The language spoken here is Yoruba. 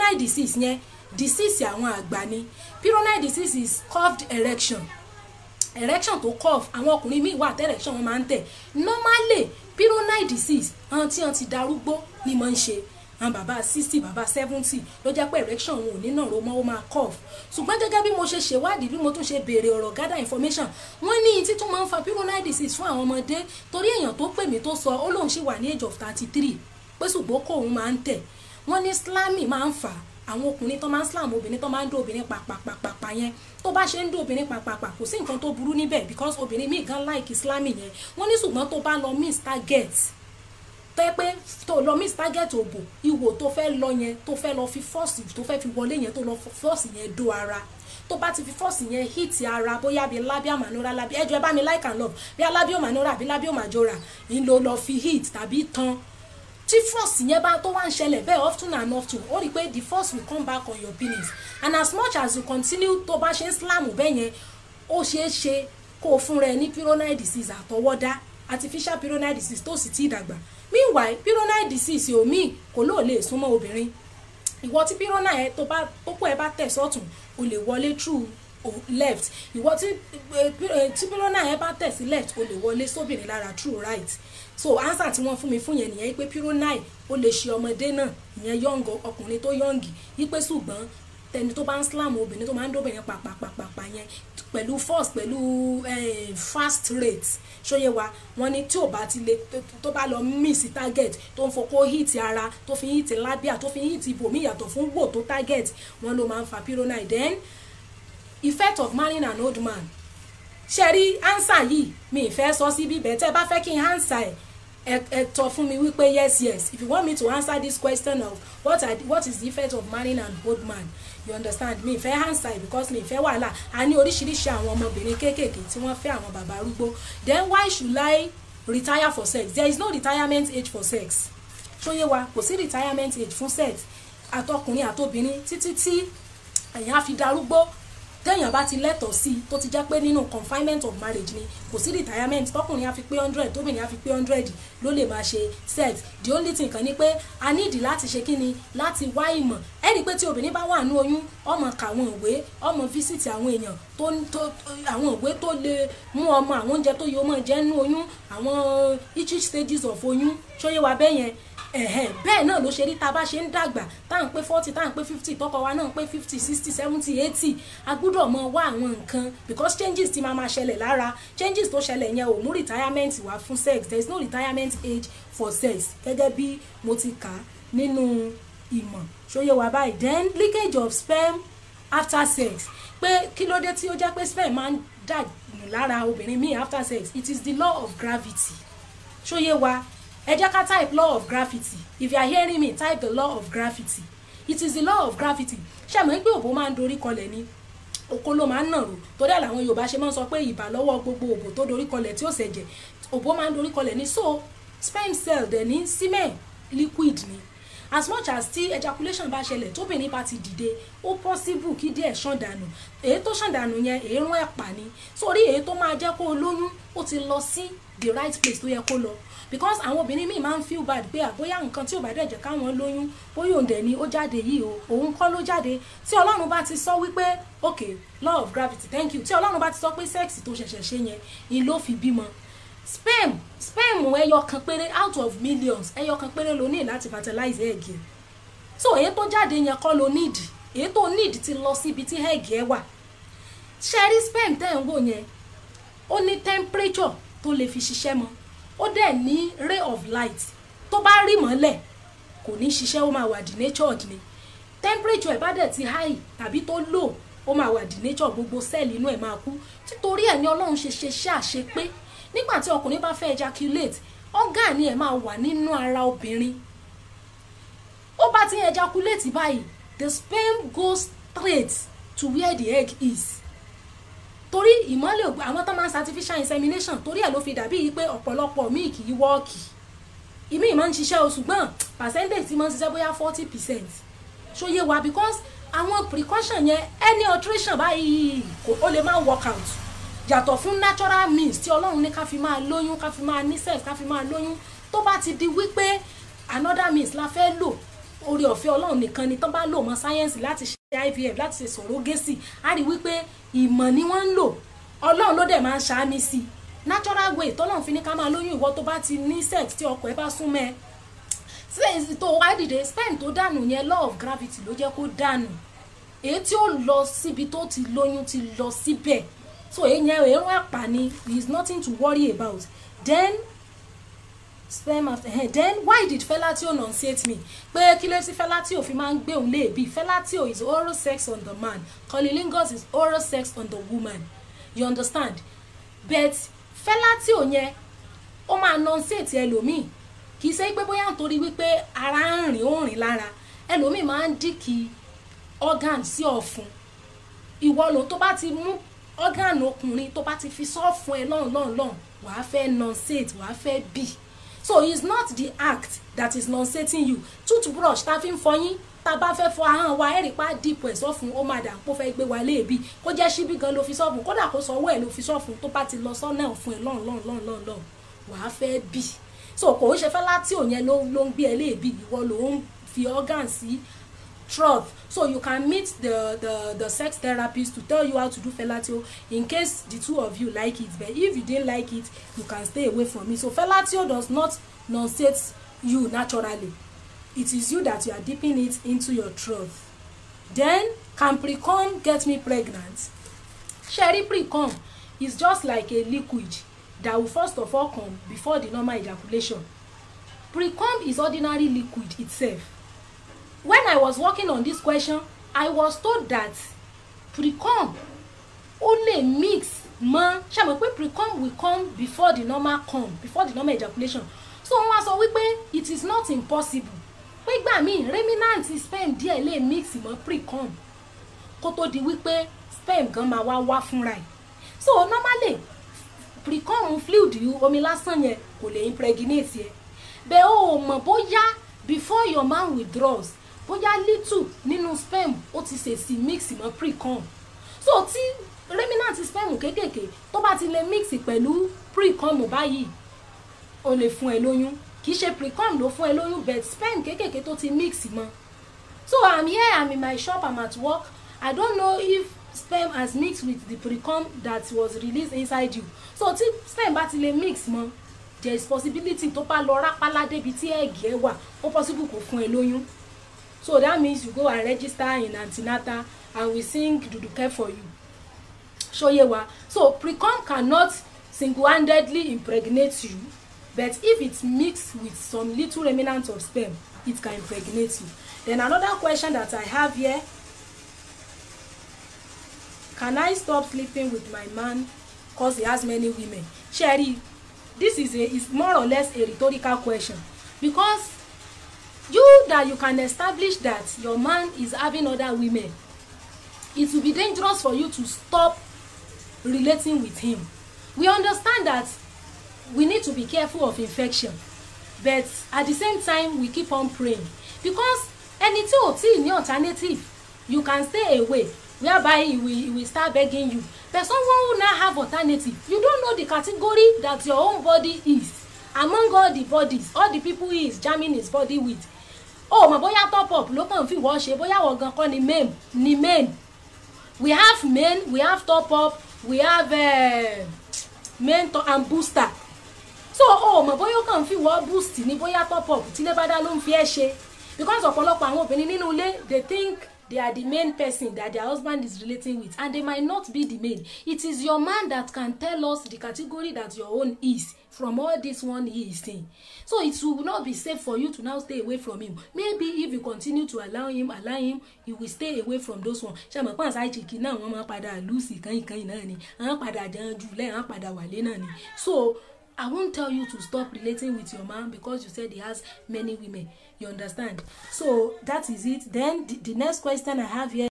pyronite disease yẹn disease àwọn àgbà ni pyronite disease is curved erection erection tó curve àwọn ọkùnrin míì wà tẹ erection wọn máa ń tẹ̀ normally pyronite disease àwọn tí wọn ti darúgbó ni mo ń ṣe àwọn bàbá sixty bàbá seventy ló jẹ́ pé erection òun ò ní náà romọ́ ó máa cough ṣùgbọ́n gẹ́gẹ́ bí mo ṣe ṣèwádìí bí mo tún ṣe béèrè ọ̀rọ̀ gather information wọ́n ní ìtí tún máa ń fa pyronite disease fún àwọn ọmọdé torí èèyàn tó pè mí tó sọ ó lóun ṣì wà ní age of thirty three pé ṣùgbọ́n kó òun máa ń tẹ̀ wọ́n ní slamming máa ń fà àwọn ọkùnrin tó máa ń slam obìnrin tó máa ń dó obìnrin pàpàpàpà yẹn tó bá ṣe ń dó obìnrin pàpàpà kò sí nǹkan tó burú níbẹ̀ because obìnrin míì gan like slamming yẹn wọ́n ní ṣùgbọ́n tó bá lọ miss target tẹ́ pé tó lọ miss target òbò ìwò tó fẹ́ lọ yẹn tó fẹ́ lọ fi force tó fẹ́ fi wọlé yẹn tó lọ force yẹn dó ara tó bá ti fi force yẹn hit ara bóyá bíi labia manora labia ẹjọ ẹ bá mi like and love bí alábíò manora bí lábíò majora ń lo lọ fi hit tàbí tan tí force yẹn bá tó wá ń ṣẹlẹ̀ bẹ́ẹ̀ often and often ó rí i pé the force will come back on your penis and as much as you continue tó bá ṣe ń slam bẹ́ẹ̀ yẹn ó ṣeé ṣe kó o fúnra ẹ ní pyronide disease àtọwọ́dá artificial pyronide disease tó sì ti dàgbà meanwhile pyronide disease ò míì kò lóò lè súnmọ́ obìnrin ìwọ tí pyronide tó bá pópó ẹ bá tẹ̀ sọ́tún o lè wọlé through left ìwọ tí eh, pyronide eh, bá tẹ̀ sí left o lè wọlé sóbìnrin lára true right so answer tí wọ́n fún mi fún yẹn nìyẹn pé pyronide ó lè ṣe ọmọdé náà ìyẹn yọ̀ǹgọ̀ ọkùnrin tó yọ̀ǹgì yípe ṣùgbọ́n tẹni tó bá ń slam obìnrin tó máa ń dóbìnrin pàpàpàpà yẹn pẹ̀lú force pẹ̀lú fast rate ṣóyè wa wọ́n ní tí ò bá ti le tó bá lọ miss target tó ń fọkó hit ara tó fi hit labia tó fi hit ibòmí yàtọ̀ fún wò tó target wọ́n ló máa ń fa pyronide then effect of marrying an old man ṣe rí ansa yìí mi ì fẹ́ sọ sí bíbẹ̀ tẹ́ ẹ bá fẹ́ kí n ansa ẹ̀ ẹ fún mi wípé yes yes if you want me to answer this question of what are what is the effect of marrying an old man you understand mi fẹ́ answer it because mi fẹ́ wàhálà a ní oríṣiríṣi àwọn ọmọbìnrin kéékèèké tí wọ́n fẹ́ àwọn bàbá arúgbó then why should I retire for sex there is no retirement age for sex ṣóyé wa kò sí retirement age fún sex àtọkùnrin àtobìnrin títí tí èèyàn á fi darúgbó téèyàn bá ti lẹ́tọ̀ọ́ sí tó ti jẹ́ pé nínú confinement of marriage ni kò sí retirement tọkùnrin á fi pé hundred tóbìnrin á fi pé hundred ló lè máa ṣe sex the only thing kan ni pé a nídìí láti ṣe kí ni láti wá ìmọ̀ ẹni pé tí obìnrin bá wà ní oyún ọmọ kàwọn ìwé ọmọ fíṣítì àwọn èèyàn tó tó àwọn ìwé tó lè mú ọmọ àwọn oúnjẹ tó yẹ ọmọ jẹ ní oyún àwọn each stages of oyún ṣóyè wa bẹ́ẹ̀ yẹn bẹ́ẹ̀ náà ló ṣe rí tá a bá ṣe ń dàgbà tá à ń pé forty tá à ń pé fifty tọkọ wa náà ń pé fifty sixty seventy eighty a gbúdọ̀ mọ wá àwọn nǹkan because changes ti máa ma ṣẹlẹ̀ lára changes tó ṣẹlẹ̀ yẹn ò mú retirement wá fún sex there is no retirement age for sex gẹ́gẹ́ bí mo ti kà nínú ìmọ̀ ṣóyè wa báyìí then leakage of sperm after sex pé kí ló dé tí ó jẹ́ pé sperm máa ń dànù lára obìnrin míì after sex it is the law of gravity ṣóyè wa ẹ jẹ́ ká type law of gravity if you are hearing me type the law of gravity it is the law of gravity ṣé mo ń pé òbó máa ń dorí kọlẹ̀ ni òkó ló máa ń nàró torí ẹ̀ làwọn yorùbá ṣe máa ń sọ pé ìbà lọ́wọ́ gbogbo òbò tó dorí kọlẹ̀ tí ó ṣẹ̀jẹ̀ òbó máa ń dorí kọlẹ̀ ni so sperm cell dẹ̀ ní semen liquid ni as much as tí ejaculation ba ṣẹlẹ̀ tóbìnrin bá ti dìde ó possible kí díẹ̀ ṣàn dànù èyí tó ṣàn dànù yẹn èérún ẹ̀pà ni sórí èyí tó máa jẹ́ kó o lóyún ó ti lọ sí the right place tó yẹ kó lọ because àwọn obìnrin míì máa ń feel bad pé àbóyá nǹkan tí ò bá dẹ̀jẹ̀ káwọn lóyún bóyá òǹdẹ̀ ni ó jáde yìí o òun kọ́ ló jáde tí ọlọ́run bá ti sọ wípé okay law of gravity thank you tí ọlọ́run bá ti sọ pé sẹ́ẹ̀sì tó ṣẹ̀ṣẹ̀ ṣe yẹn ni ló fi bímọ sperm sperm ẹyọ kan péré out of millions ẹyọ kan péré ló ní láti fertilize egg yẹn so èyí tó jáde yẹn kọ́ ló need èyí tó need ti lọ síbi tí egg yẹn wà ṣẹ́rí sperm tẹ̀ ń wò yẹn ó ní temperature tó lè fi ṣiṣẹ́ mọ́ ó dẹ̀ ní ray of light tó bá rí mọ́lẹ̀ kò ní ṣiṣẹ́ ó máa wà denatured ni temperature ẹ̀ bá dẹ̀ ti high tàbí tó low ó máa wà denatured gbogbo sẹ́ẹ̀lì inú ẹ̀ máa kú títorí ẹ̀ ní ọlọ́run ṣe ṣe ṣe àṣepé nígbà tí ọkùnrin bá fẹ́ ejaculate organ ẹ̀ máa wà nínú ara obìnrin ó bá ti ejaculate báyìí the sperm goes straight to where the egg is torí ìmọ́lẹ̀ ògbà àwọn tó máa ń artificial insemination torí ẹ̀ ló fi dàbí yìí pé ọ̀pọ̀lọpọ̀ míì kì í wọ́ọ̀kì ìmí ìmọ̀ ń ṣiṣẹ́ oṣù gbọ́n percentage ti máa ń ṣiṣẹ́ bóyá forty percent ṣòye wa because àwọn precaution yẹn any alteration báyìí ó lè máa work out yàtọ̀ fún natural means tí ọlọ́run ní ká fi máa lóyún ká fi máa ní sex ká fi máa lóyún tó bá ti di wípé another means la fẹ́ lò orí ọ̀fẹ́ ọlọ́run nìkan ni tó bá lò mọ́ sáyẹ́ǹsì láti ṣe IVF láti ṣe sòrógésì á rí wípé ìmọ̀ ni wọ́n ń lò ọlọ́run ló dẹ̀ máa ń ṣàánú sí i natural way tọ́lọ́run fi ní ká máa lóyún ìwọ tó bá ti ní sex tí ọkọ ẹ bá súnmọ́ ẹ sẹ́yìn tó wá dìde sperm tó dànù yẹn law of gravity ló jẹ́ kó dànù èyí tí ó lọ síbi tó ti lóyún ti lọ síbẹ̀ so èèyàn èèrùn àpá ni there is nothing to worry about then sperm after eh then why did fellatio nonsiate me pé kí ló ti fellatio fi máa ń gbé òun léèbí fellatio is oral sex on the man cunnilingus is oral sex on the woman you understand but fellatio yẹn o máa nonsiate ẹlòmíì kì í ṣe pé bóyá nítorí wípé ara ń rìn ó rìn lára ẹlòmíì máa ń dìkì organ sí ọ̀fun ìwọ ló tó bá ti mú ọ́gànù ọkùnrin tó bá ti fi sọ́ọ̀fún ẹ lọ́rùn lọ́rùn lọ́rùn wàá fẹ́ nonsense wàá fẹ́ bì so it's not the act that is nonsating you toothbrush ta fi ń fọyín ta bá fẹ́ fọ ahọ́n wa ẹ̀rì pa dìpọ̀ ẹ̀ sọ́fun ó máa dà kó fẹ́ gbé wa léèbí kó jẹ́ síbí gan ló fi sọ́fun kódà kó sọ ọwọ́ ẹ̀ ló fi sọ́fun tó bá ti lọ sọ́nà fún ẹ lọ́rùn lọ́rùn lọ́rùn lọ́rùn lọ́rùn wàá fẹ́ bì so kò ó ṣe fẹ́ láti òyìn ló ń gbé ẹ léèbí ìwọ ló ń fi organ sí truth so you can meet the the the sex therapist to tell you how to do fellatio in case the two of you like it but if you didn't like it you can stay away from it so fellatio does not nunstate you naturally it is you that you are dipping it into your truth then capricorn get me pregnant sherry precon is just like a liquid that will first of all come before the normal ejaculation precon is ordinary liquid itself when i was working on this question i was told that precom only mix mix mọ́ ṣàmì pé precom will come before the normal come before the normal ejaculation so wọ́n wá sọ wípé it is not impossible pé gbà míì remnant sperm díẹ̀ lè mix mọ́ precom kó tó di wípé sperm gan máa wá wá fúnra ẹ̀ so normally precom fluid yìí omi lásán yẹn kò lè impregnate yẹn bẹ́ẹ̀ o mọ̀ bóyá before your man withdraws bóyá little nínú sperm ó ti ṣèṣì mix mọ́ precon so tí remnant sperm kéékèèké tó bá ti lè mix pẹ̀lú precon báyìí ó lè fún ẹ lóyún kì í ṣe precon ló fún ẹ lóyún but sperm kéékèèké tó ti mix mọ́ so i'm here i'm in my shop i'm at work i don't know if sperm has mixed with the precon that was released inside you so tí sperm bá ti lè mix mọ́ there is possibility tó bá lọ rápálá débi tí ẹ̀gì ẹ wà ó possible kó fún ẹ lóyún so that means you go and register in Antinata, and we sing duduke for you ṣóyéwa so precom cannot single-handedly impregnate you but if it mix with some little remnant of sperm it can impregnate you then another question that i have here can i stop sleeping with my man cause he has many women sherry this is a is more or less a rhetorical question because that you can establish that your man is having other women it will be dangerous for you to stop relating with him we understand that we need to be careful of infection but at the same time we keep on praying because anything or thing, tí alternative you can stay away whereby he will, he will start begging you but someone who now have alternative you don't know the category that your own body is among all the bodies all the people he is jamming his body with o mọ̀ bóyá top up ló kàn fi wọ́n ṣe bóyá wọ́n gan kọ́ ni main ni main we have main we have top up we have uh, main and booster so o mọ̀ bóyá ó kàn fi wọ́n boost ni bóyá top up tí ilé bá dá ló ń fi ẹ́ ṣe because ọ̀pọ̀lọpọ̀ àwọn obìnrin nínú ilé they think they are the main person that their husband is relating with and they might not be the main it is your man that can tell us the category that your own is from all this one he is seeing. so it will not be safe for you to now stay away from him maybe if you continue to allow him allow him you will stay away from those one ṣàmì pọ́n ṣáà náà wọ́n máa padà lùsì kányìnkányìn náà ni àwọn padà jẹun jù lẹ́yìn àwọn padà wálé náà ni so I won't tell you to stop relating with your man because you said he has many women. You understand? So that is it. Then the, the next question I have here